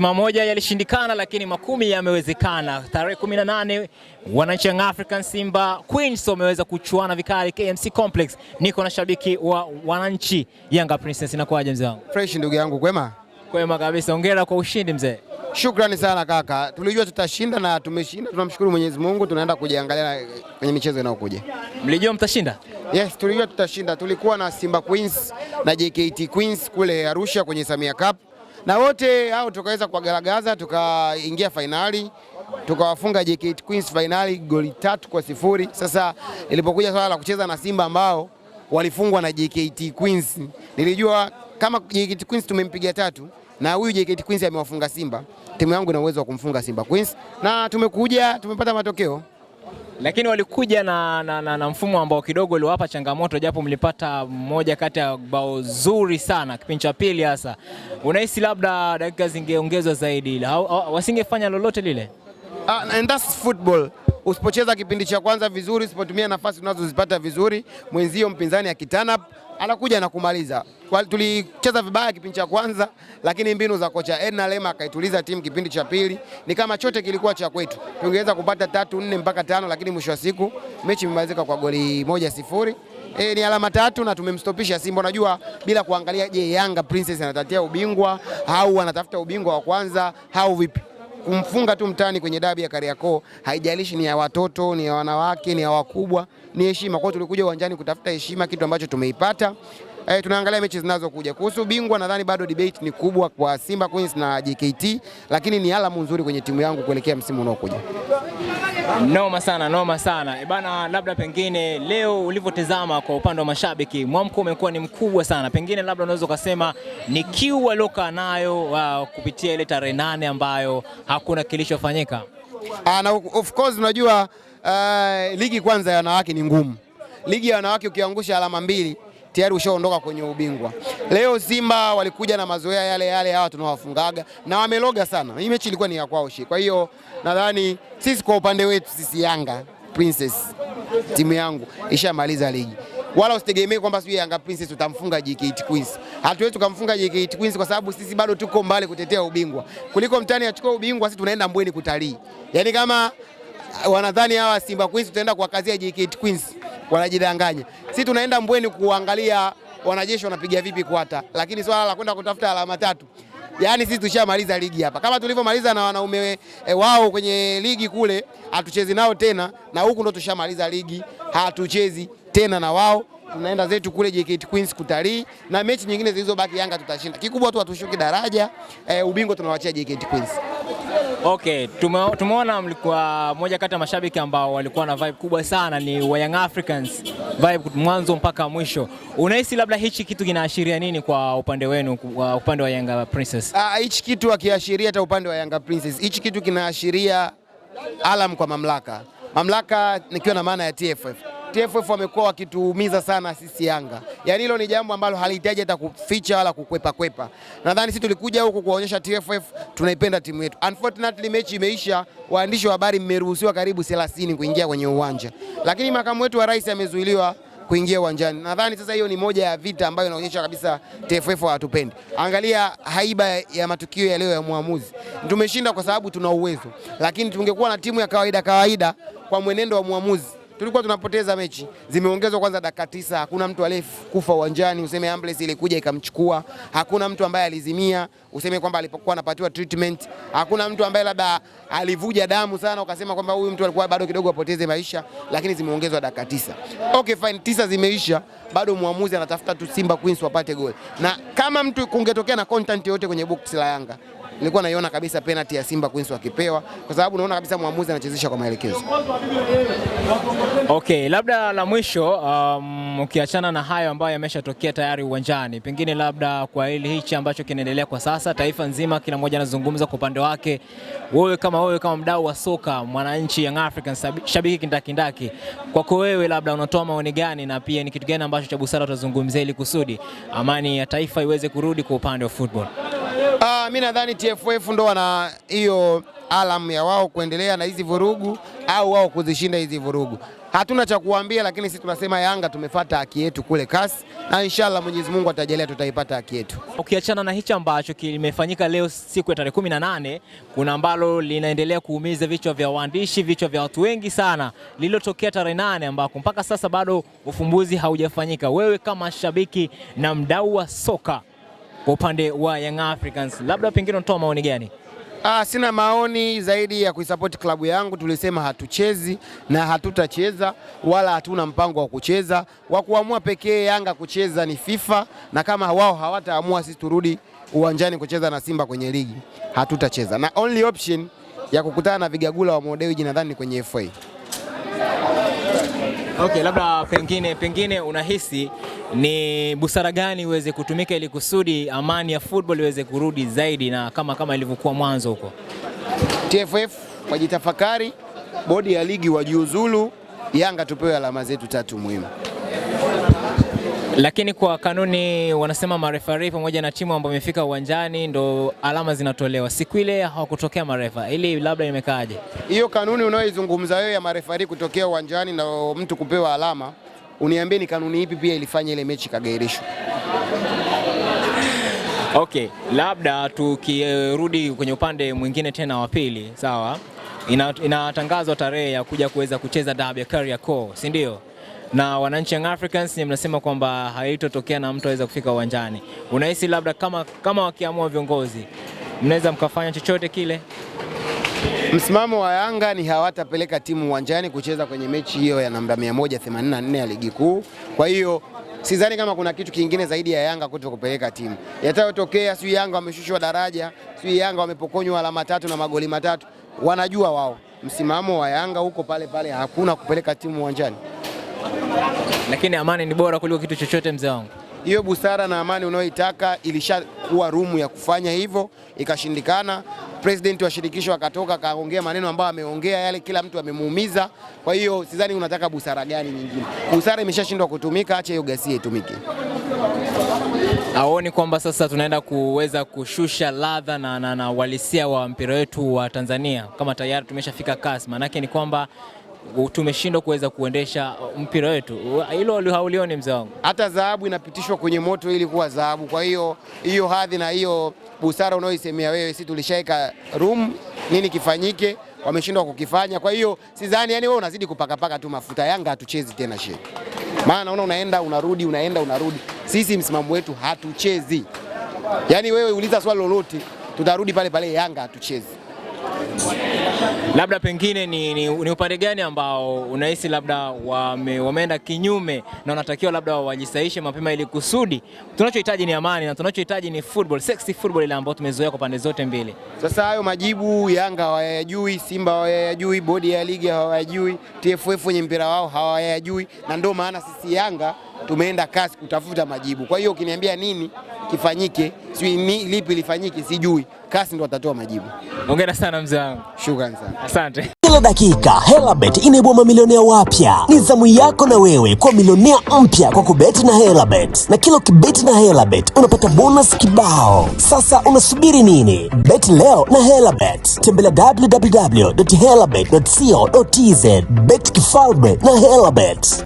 Mamoja yalishindikana lakini makumi yamewezekana. Tarehe 18 wananchi wa African Simba Queens wameweza kuchuana vikali KMC Complex. Niko na shabiki wa wananchi Yanga Princess, inakuaje mzee wangu? Fresh ndugu yangu, kwema? Kwema kabisa, hongera kwa ushindi mzee. Shukrani sana kaka, tulijua tutashinda na tumeshinda. Tunamshukuru Mwenyezi Mungu, tunaenda kujiangalia kwenye michezo inayokuja. Mlijua mtashinda? Yes, tulijua tutashinda. Tulikuwa na Simba Queens na JKT Queens kule Arusha kwenye Samia Cup na wote hao tukaweza kuwagaragaza, tukaingia fainali tukawafunga JKT Queens fainali goli tatu kwa sifuri. Sasa ilipokuja swala la kucheza na Simba ambao walifungwa na JKT Queens, nilijua kama JKT Queens tumempiga tatu na huyu JKT Queens amewafunga Simba, timu yangu ina uwezo wa kumfunga Simba Queens, na tumekuja tumepata matokeo lakini walikuja na, na, na, na mfumo ambao kidogo uliwapa changamoto, japo mlipata mmoja kati ya bao zuri sana kipindi cha pili. Hasa unahisi labda dakika zingeongezwa zaidi, ile wasingefanya lolote lile. Uh, and that's football. Usipocheza kipindi cha kwanza vizuri, usipotumia nafasi unazozipata vizuri, mwenzio mpinzani akitana anakuja na kumaliza. Tulicheza vibaya kipindi cha kwanza, lakini mbinu za kocha Edna Lema akaituliza timu kipindi cha pili, ni kama chote kilikuwa cha kwetu. Tungeweza kupata tatu nne mpaka tano, lakini mwisho wa siku mechi imemalizika kwa goli moja sifuri. E, ni alama tatu na tumemstopisha Simba. Unajua, bila kuangalia, je, Yanga Princess anatatia ubingwa au anatafuta ubingwa wa kwanza au vipi? kumfunga tu mtani kwenye dabi ya Kariakoo, haijalishi ni ya watoto, ni ya wanawake, ni ya wakubwa, ni heshima. Kwa hiyo tulikuja uwanjani kutafuta heshima, kitu ambacho tumeipata eh, tunaangalia mechi zinazokuja. Kuhusu bingwa, nadhani bado debate ni kubwa kwa Simba Queens na JKT, lakini ni alamu nzuri kwenye timu yangu kuelekea msimu unaokuja. Noma sana, noma sana. E bana, labda pengine leo ulivyotazama kwa upande wa mashabiki, mwamko umekuwa ni mkubwa sana. Pengine labda unaweza ukasema ni kiu waliokaa nayo uh, kupitia ile tarehe nane ambayo hakuna kilichofanyika. Uh, na of course unajua uh, ligi kwanza ya wanawake ni ngumu. Ligi ya wanawake ukiangusha alama mbili tayari ushaondoka kwenye ubingwa. Leo Simba walikuja na mazoea yale yale, hawa tunawafungaga na wameloga sana. Hii mechi ilikuwa ni ya kwao shi. Kwa hiyo nadhani sisi kwa upande wetu sisi Yanga Princess timu yangu ishamaliza ligi, wala usitegemee kwamba sijui Yanga Princess utamfunga JKT Queens. Hatuwezi tukamfunga JKT Queens kwa sababu sisi bado tuko mbali kutetea ubingwa. Kuliko mtani achukua ubingwa, sisi tunaenda Mbweni kutalii. Yaani kama wanadhani hawa Simba Queens tutaenda kuwakazia JKT Queens, wanajidanganya si tunaenda Mbweni kuangalia wanajeshi wanapiga vipi kwata, lakini swala la kwenda kutafuta alama tatu, yaani sisi tushamaliza ligi hapa, kama tulivyomaliza na wanaume e, wao kwenye ligi kule, hatuchezi nao tena, na huku ndo tushamaliza ligi, hatuchezi tena na wao tunaenda zetu kule JKT Queens kutalii na mechi nyingine zilizobaki Yanga tutashinda. Kikubwa tu hatushuki daraja. E, ubingwa tunawachia JKT Queens. Okay, tumeona mlikuwa moja kati ya mashabiki ambao walikuwa na vibe kubwa sana, ni wa Young Africans, vibe mwanzo mpaka mwisho. Unahisi labda hichi kitu kinaashiria nini kwa upande wenu, kwa upande wa Yanga Princess? Ah, hichi kitu akiashiria hata upande wa Yanga Princess, hichi kitu kinaashiria alam kwa mamlaka, mamlaka nikiwa na maana ya TFF TFF wamekuwa wakituumiza sana sisi Yanga, yaani hilo ni jambo ambalo halihitaji hata kuficha wala kukwepa kwepa. Nadhani sisi tulikuja huku kuwaonyesha TFF tunaipenda timu yetu. Unfortunately mechi imeisha, waandishi wa habari mmeruhusiwa karibu 30 kuingia kwenye uwanja, lakini makamu wetu wa rais amezuiliwa kuingia uwanjani. Nadhani sasa hiyo ni moja ya vita ambayo inaonyesha kabisa TFF hawatupendi. Angalia haiba ya matukio ya leo ya mwamuzi. Tumeshinda kwa sababu tuna uwezo, lakini tungekuwa na timu ya kawaida kawaida kwa mwenendo wa mwamuzi tulikuwa tunapoteza mechi, zimeongezwa kwanza dakika tisa. Hakuna mtu aliyekufa uwanjani useme ambulance ilikuja ikamchukua, hakuna mtu ambaye alizimia useme kwamba alipokuwa anapatiwa treatment, hakuna mtu ambaye labda alivuja damu sana ukasema kwamba huyu mtu alikuwa bado kidogo apoteze maisha, lakini zimeongezwa dakika tisa. Okay fine, tisa zimeisha, bado mwamuzi anatafuta tu Simba Queens wapate goal, na kama mtu kungetokea na content yote kwenye box la Yanga nilikuwa naiona kabisa penalty ya Simba Queens wakipewa, kwa sababu naona kabisa mwamuzi anachezesha kwa maelekezo. Okay, labda la mwisho um, ukiachana na hayo ambayo yameshatokea tayari uwanjani, pengine labda kwa hili hichi ambacho kinaendelea kwa sasa, taifa nzima, kila mmoja anazungumza kwa upande wake, wewe kama wewe kama mdau wa soka, mwananchi, Young African, shabiki kindakindaki, kwako wewe labda unatoa maoni gani, na pia ni kitu gani ambacho cha busara utazungumzia ili kusudi amani ya taifa iweze kurudi kwa upande wa football? Ah, mi nadhani TFF ndo wana hiyo alamu ya wao kuendelea na hizi vurugu au wao kuzishinda hizi vurugu. Hatuna cha kuambia, lakini sisi tunasema Yanga tumefuata haki yetu kule CAS na inshallah Mwenyezi Mungu atajalia tutaipata haki yetu. Ukiachana na hicho ambacho kimefanyika leo siku ya tarehe kumi na nane, kuna ambalo linaendelea kuumiza vichwa vya waandishi, vichwa vya watu wengi sana, lililotokea tarehe nane ambako mpaka sasa bado ufumbuzi haujafanyika. Wewe kama shabiki na mdau wa soka kwa upande wa Young Africans, labda pengine unatoa maoni gani? Ah, sina maoni zaidi ya kuisapoti klabu yangu. Tulisema hatuchezi na hatutacheza wala hatuna mpango wa kucheza. Wa kuamua pekee Yanga kucheza ni FIFA, na kama wao hawataamua sisi turudi uwanjani kucheza na Simba kwenye ligi, hatutacheza na only option ya kukutana na vigagula wa Modewiji nadhani kwenye FA. Okay, labda pengine pengine unahisi ni busara gani iweze kutumika ili kusudi amani ya football iweze kurudi zaidi na kama kama ilivyokuwa mwanzo huko? TFF wajitafakari, bodi ya ligi wajiuzulu, Yanga tupewe alama zetu tatu muhimu. Lakini kwa kanuni wanasema marefari pamoja na timu ambayo imefika uwanjani ndo alama zinatolewa. Siku ile hawakutokea marefa, ili labda imekaaje hiyo kanuni unayoizungumza wewe ya marefari kutokea uwanjani na mtu kupewa alama? Uniambie, ni kanuni ipi pia ilifanya ile mechi kagairishwa? Okay, labda tukirudi kwenye upande mwingine tena wa pili, sawa, inatangazwa tarehe ya kuja kuweza kucheza dabi ya Kariakoo, si ndio? na wananchi Young Africans mnasema kwamba haitotokea na mtu aweza kufika uwanjani. Unahisi labda kama, kama wakiamua viongozi mnaweza mkafanya chochote kile? Msimamo wa Yanga ni hawatapeleka timu uwanjani kucheza kwenye mechi hiyo ya namba 184 ya ligi kuu. Kwa hiyo sidhani kama kuna kitu kingine zaidi ya Yanga kuto kupeleka timu. Yatayotokea, si Yanga wameshushwa daraja, si Yanga wamepokonywa alama tatu na magoli matatu, wanajua wao. Msimamo wa Yanga huko pale pale, hakuna kupeleka timu uwanjani. Lakini amani ni bora kuliko kitu chochote, mzee wangu. Hiyo busara na amani unayoitaka ilishakuwa rumu ya kufanya hivyo, ikashindikana. President wa shirikisho akatoka akaongea maneno ambayo ameongea yale, kila mtu amemuumiza. Kwa hiyo sidhani unataka busara gani nyingine. Busara imeshashindwa kutumika, acha hiyo ghasia itumike. Aoni kwamba sasa tunaenda kuweza kushusha ladha na, na, na wa mpira wetu wa Tanzania kama tayari tumeshafika kasi, maanake ni kwamba tumeshindwa kuweza kuendesha uh, mpira wetu. Hilo haulioni mzee wangu? Hata dhahabu inapitishwa kwenye moto ili kuwa dhahabu. Kwa hiyo hiyo hadhi na hiyo busara unaoisemea wewe, si tulishaweka room nini kifanyike, wameshindwa kukifanya. Kwa hiyo sidhani, yani wewe unazidi kupakapaka tu mafuta. Yanga hatuchezi tena shee, maana naona unaenda unarudi, unaenda unarudi. Sisi msimamo wetu hatuchezi, yani wewe uliza swali lolote, tutarudi pale pale. Yanga hatuchezi Labda pengine ni, ni, ni upande gani ambao unahisi labda wame, wameenda kinyume na wanatakiwa labda wajisaishe mapema ili kusudi, tunachohitaji ni amani na tunachohitaji ni football, sexy football ile ambayo tumezoea kwa pande zote mbili. Sasa hayo majibu Yanga hawayajui, Simba hawayajui, bodi ya ligi hawayajui, TFF wenye mpira wao hawayajui, na ndio maana sisi Yanga tumeenda kasi kutafuta majibu. Kwa hiyo ukiniambia nini kifanyike, sijui lipi lifanyike, sijui kasi ndo watatoa majibu. Hongera sana mzee wangu. Shukrani sana. Asante. Kila dakika Helabet inaibua mamilionea wapya. Ni zamu yako na wewe kuwa milionea mpya kwa kubeti na Helabet, na kila ukibeti na Helabet unapata bonus kibao. Sasa unasubiri nini? Beti leo na Helabet. Tembelea www.helabet.co.tz. Bet kifalme na Helabet.